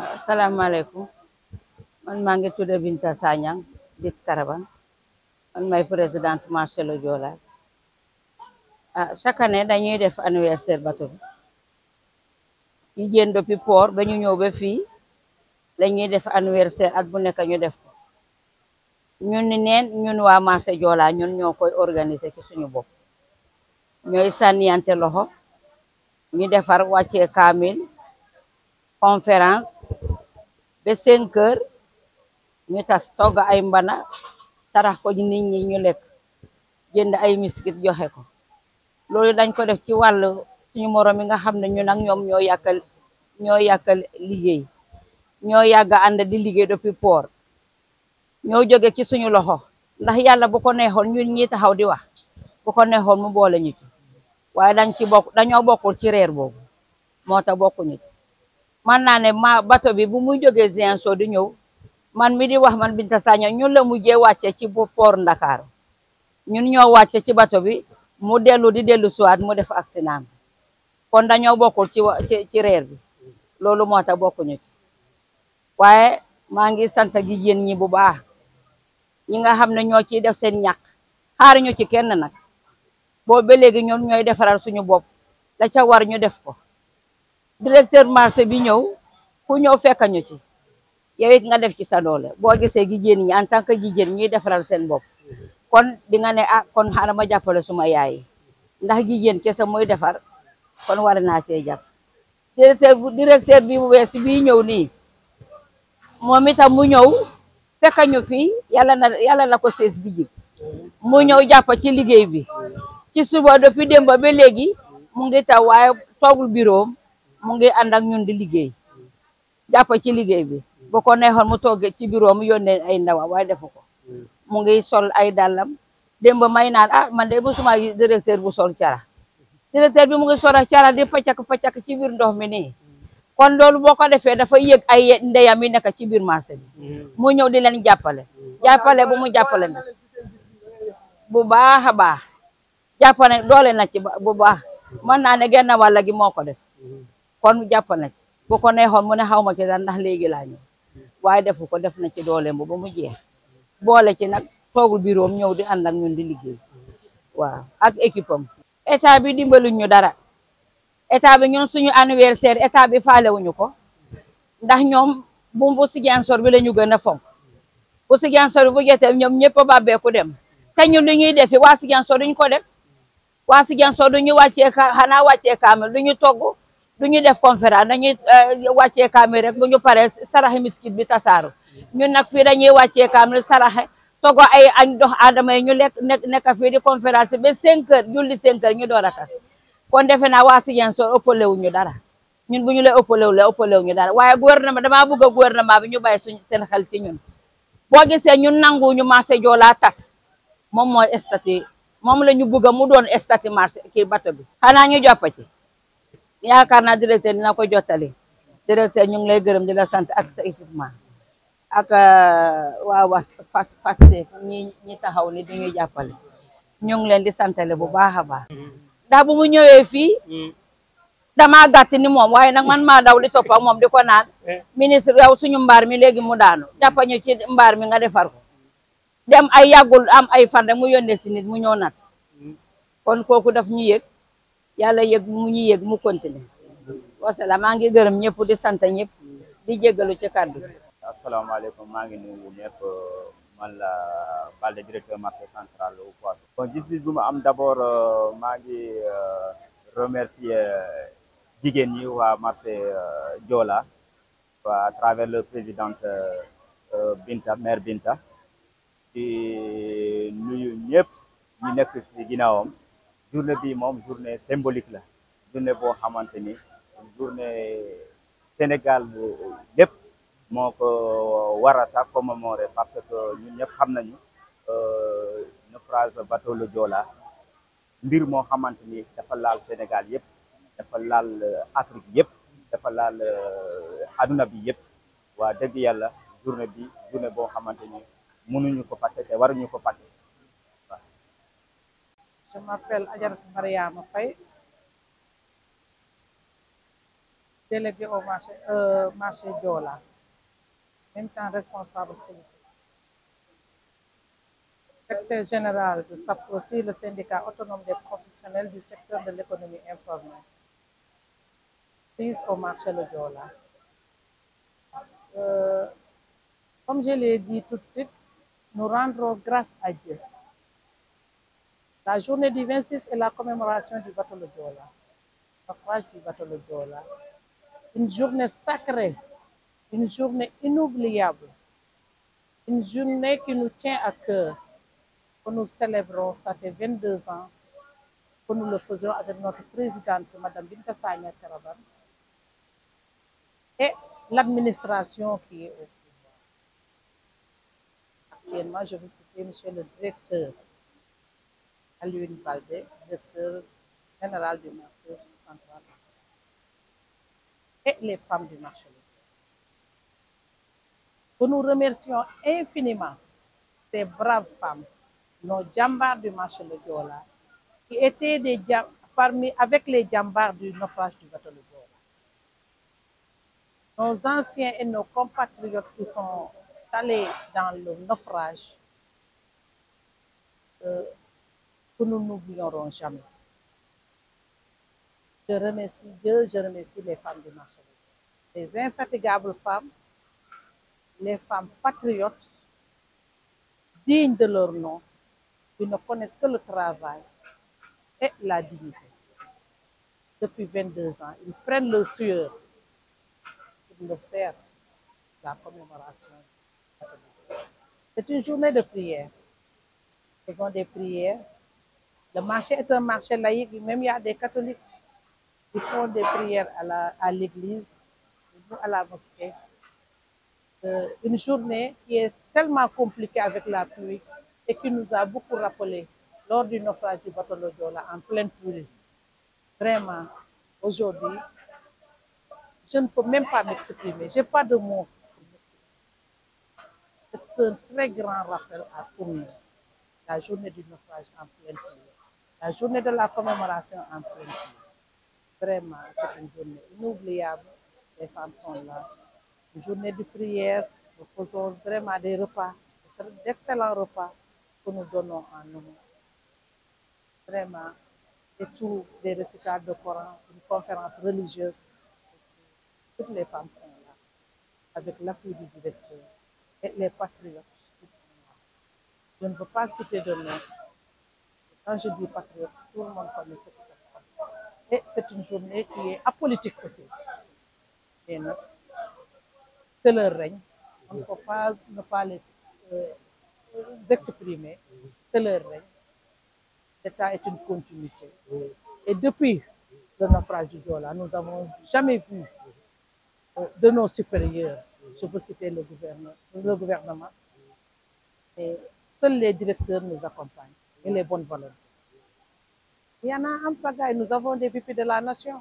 asalaamaaleykum ah, man maa ngi tudd Binta Sagnang dëkk Karaban man may présidente marché Joola ah chaque année dañuy def anniversaire bato bi yi jén depuis port ba ñu ñëw ba fii dañuy def anniversaire at bu nekk ñu def ko ñun ni neen ñun waa marché koy organiser ci suñu bopp ñooy sànniyante loxo ñu defar wàccee kaamil conférence ba seen kër ñu tas togg ay mbana sarax ko nit ñi ñu lekk jënd ay miskit joxe ko loolu dañ ko def ci wàllu suñu moroom yi nga xam ne ñu nag ñoom ñoo yàkkal ñoo yàkkal liggéey ñoo yàgga ànd di liggéey depuis poor ñoo jóge ci suñu loxo ndax yàlla bu ko neexoon ñun ñi taxaw di wax bu ko neexoon mu boole ñu ci waaye dañ ci bok dañoo bokkul ci reer boobu moo tax bokkuñu man naa ne ma bato bi bu muy jógee Ziguinchor di ñëw man mi di wax man Binta Sagna ñun la mujjee wàcce ci port ndakaar ñun ñoo wàcce ci bato bi mu dellu di dellu suwaat mu def accident kon dañoo bokkul ci ci reer bi loolu moo tax bokkuñu ci waaye maa ngi sant gi yéen ñi bu baax ñi nga xam ne ñoo ciy def seen ñàq xaar ñu ci kenn nag boo ba léegi ñun ñooy defaral suñu bopp da ca war ñu def ko directeur marché bi ñew ku ñew fekkañu ci yow it nga def ci sa doole bo gisé jigéen ñi en tant que jigéen ñuy defaral sen bop kon di nga né ah kon xaaral ma jàppale suma yaay ndax jigéen kessa moy defar kon war naa see jàpp directeur directeur bi mu wess bi ñew ni moom mu ñew fekkañu fi yalla na yalla la ko sees bi jig mu ñew japp ci liggéey bi ci suba depuis démb ba légui mu ngi taw waye togul bureau mu ngi ànd ak ñun di liggéey jàpp ci liggéey bi bu ko neexoon mu toog ci bureau mu yónnee ay ndawam waaye defu ko mu ngi sol ay dàllam démb may naan ah man de musuma directeur bu sol cara directeur bi mu ngi sol cara di pacak pacak ci biir ndox mi nii kon loolu boo ko defee dafa yëg ay ndeyam yi nekk ci biir marché bi mu ñëw di leen jàppale jàppale bu mu jàppale na bu baax a baax jàppale doole na ci bu baax mën naa ne genn wàll gi moo ko def kon jàpp na ci bu ko neexoon mu ne xaw ma ci dara ndax léegi laa waaye defu ko def na ci dooleem ba mu jee boole ci nag toogul biroom ñëw di ànd ak ñun di liggéey waaw ak équipe am état bi dimbaluñ ñu dara état bi ñun suñu anniversaire état bi faalewuñu ko ndax ñoom bu bu Ziguinchor bi la ñu gën a fonk bu Ziguinchor bi bu jotee ñoom ñëpp a ku dem te ñun lu ñuy defi waa Ziguinchor duñ ko def waa Ziguinchor duñu wàccee xanaa wàccee kaamel ñu togg du ñu def conférence dañuy euh, wàccee kaam rek bu ñu paree saraxe miskit bi tasaaru ñun nag fii dañuy wàccee kaam saraxe togo ay añ dox aadama yi ñu lekk nekk nekk fii di conférence ba cinq heures julli cinq heures ñu door a tas kon defe naa waa Ziguinchor ëppale wu ñu dara ñun bu ñu lay ëppale wu la ëppale wu ñu dara waaye gouvernement damaa bëgg a gouvernement bi ñu bàyyi suñ seen xel ci ñun boo gisee ñun nanguwuñu marché joolaa tas moom mooy statut moom la ñu bëgg a mu doon statut marché kii bato bi xanaa ñu jàpp ci ya naa directeur dina ko jotale directeur ñu ngi lay gërëm di la sant ak sa équipement ak euh, wa was fas Pastef ñi ñi taxaw ni di ñuy jàppale ñu ngi leen di santale bu baaxa a baax ndax bu mu ñëwé fi dama gatt ni mom waye nak man ma daw di top ak mom diko naan eh. ministre yow suñu mbar mi mu daanu jappañu ci mbar mi nga defar ko dem ay yagul am ay fan rek mu yonne ci nit mu ñëw nat mm. kon koku daf ñu yalla yëg mu ñu mu continuer Je ngi ñëpp di ñëpp di jéggalu ci directeur marché central au Poisson bon d'abord euh, euh, remercier euh, ñi wa marché à travers le présidente Binta maire Binta et ñëpp ñi ci journée bii moom journée symbolique la journée boo xamante ni journée Sénégal lépp moo ko war a sax parce que ñun ñëpp xam nañu euh, naufrage bateau le Joola mbir moo xamante ni dafa laal Sénégal yëpp dafa laal Afrique yëpp dafa laal euh, adduna bi yëpp waa dëgg yàlla journée bi journée boo xamante ni mënuñu ko fàtte te waruñu ko fàtte Je m'appelle Adjar maria Faye, déléguée au marché, euh, marché même temps responsable politique. Secteur général de SAPROSI, le syndicat autonome des professionnels du secteur de l'économie informelle, prise au marché de Diola. Euh, comme je l'ai dit tout de suite, nous rendrons grâce à Dieu la journée du 26 est la commémoration du bateau de La du bateau de Gola. Une journée sacrée, une journée inoubliable, une journée qui nous tient à cœur, que nous célébrons, ça fait 22 ans que nous le faisons avec notre présidente, Mme Binta Sanya et l'administration qui est au pouvoir. Actuellement, je vais citer M. le directeur à Baldé, directeur général du marché et les femmes du marché que nous remercions infiniment ces braves femmes, nos jambards du marché de Diola, qui étaient des parmi, avec les jambards du naufrage du bateau de Diola. Nos anciens et nos compatriotes qui sont allés dans le naufrage euh, nous n'oublierons jamais. Je remercie Dieu, je remercie les femmes du marché. Les infatigables femmes, les femmes patriotes, dignes de leur nom, qui ne connaissent que le travail et la dignité. Depuis 22 ans, ils prennent le sueur pour le faire la commémoration. C'est une journée de prière. Faisons des prières le marché est un marché laïque, même il y a des catholiques qui font des prières à l'église à la mosquée. Euh, une journée qui est tellement compliquée avec la pluie et qui nous a beaucoup rappelé lors du naufrage du bateau Lodola en pleine pluie. Vraiment, aujourd'hui, je ne peux même pas m'exprimer. Je n'ai pas de mots. C'est un très grand rappel à tous la journée du naufrage en pleine pluie. La journée de la commémoration en prison. vraiment, c'est une journée inoubliable. Les femmes sont là. Une journée de prière, nous faisons vraiment des repas, d'excellents repas que nous donnons à nous. Vraiment, et tout, des récitals de Coran, une conférence religieuse. Toutes les femmes sont là, avec l'appui du directeur et les patriotes. Je ne veux pas citer de nom, quand je dis patriote, tout le monde connaît ce que Et c'est une journée qui est apolitique aussi. c'est leur règne. On ne peut pas ne pas les, euh, exprimer. C'est leur règne. L'État est une continuité. Et depuis le naufrage du Dola, nous n'avons jamais vu euh, de nos supérieurs, je veux citer le, le gouvernement, et seuls les directeurs nous accompagnent et les bonnes valeurs. Il y en a un, pagaille, nous avons des pupilles de la nation.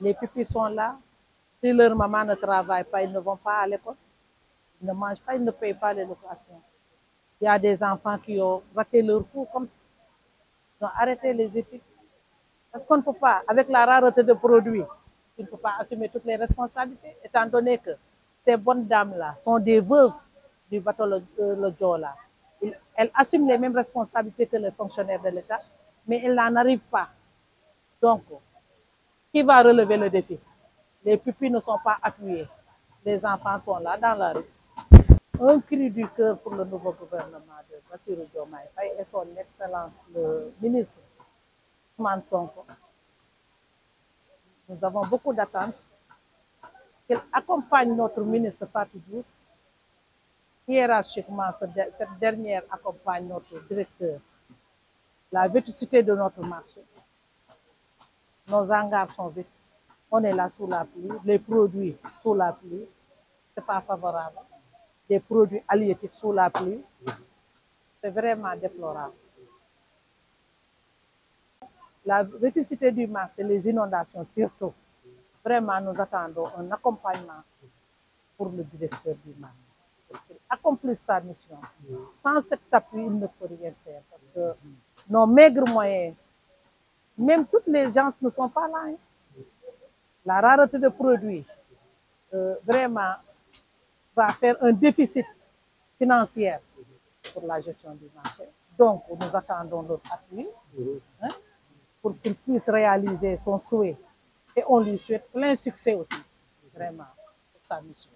Les pupilles sont là. Si leur maman ne travaille pas, ils ne vont pas à l'école. Ils ne mangent pas, ils ne payent pas les locations. Il y a des enfants qui ont raté leur cours comme ça. Ils ont arrêté les études. Parce qu'on ne peut pas, avec la rareté de produits, qu'on ne peut pas assumer toutes les responsabilités, étant donné que ces bonnes dames-là sont des veuves du bateau de le, euh, elle assume les mêmes responsabilités que les fonctionnaires de l'État, mais elle n'en arrive pas. Donc, qui va relever le défi Les pupilles ne sont pas appuyées. Les enfants sont là dans la rue. Un cri du cœur pour le nouveau gouvernement de Bassirou Diomaye et son excellence le ministre Nous avons beaucoup d'attentes qu'il accompagne notre ministre Fatou hiérarchiquement cette dernière accompagne notre directeur. La véticité de notre marché. Nos hangars sont vêtus. On est là sous la pluie, les produits sous la pluie, ce n'est pas favorable. Des produits halieutiques sous la pluie, c'est vraiment déplorable. La véticité du marché, les inondations surtout, vraiment nous attendons un accompagnement pour le directeur du marché accomplisse sa mission. Sans cet appui, il ne peut rien faire parce que nos maigres moyens, même toutes les gens ne sont pas là. Hein. La rareté de produits, euh, vraiment, va faire un déficit financier pour la gestion du marché. Donc, nous attendons notre appui hein, pour qu'il puisse réaliser son souhait. Et on lui souhaite plein succès aussi, vraiment, pour sa mission.